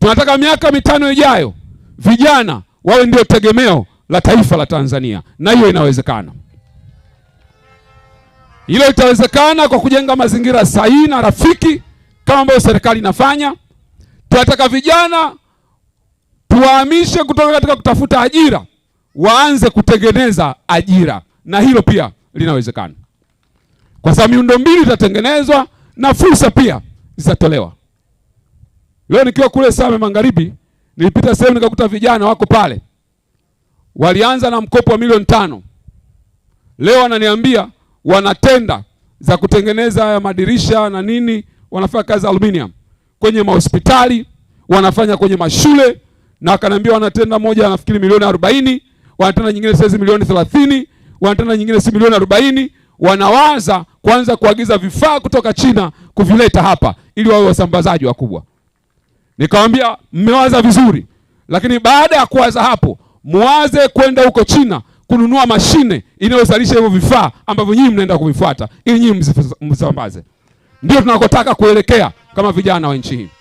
Tunataka miaka mitano ijayo vijana wawe ndio tegemeo la taifa la Tanzania, na hiyo inawezekana. Hilo itawezekana kwa kujenga mazingira sahihi na rafiki kama ambavyo serikali inafanya. Tunataka vijana tuwahamishe kutoka katika kutafuta ajira, waanze kutengeneza ajira, na hilo pia linawezekana, kwa sababu miundombinu itatengenezwa na fursa pia zitatolewa. Leo nikiwa kule Same Magharibi, nilipita sehemu nikakuta vijana wako pale, walianza na mkopo wa milioni tano, leo wananiambia wanatenda za kutengeneza haya madirisha na nini, wanafanya kazi za aluminium kwenye mahospitali, wanafanya kwenye mashule, na wakaniambia wanatenda moja, nafikiri milioni arobaini, wanatenda nyingine saizi milioni thelathini, wanatenda nyingine si milioni arobaini. Wanawaza kwanza kuagiza vifaa kutoka China kuvileta hapa ili wawe wasambazaji wakubwa. Nikamwambia mmewaza vizuri, lakini baada ya kuwaza hapo, mwaze kwenda huko China kununua mashine inayozalisha hivyo vifaa ambavyo nyinyi mnaenda kuvifuata ili nyinyi mzisambaze. Ndio tunakotaka kuelekea kama vijana wa nchi hii.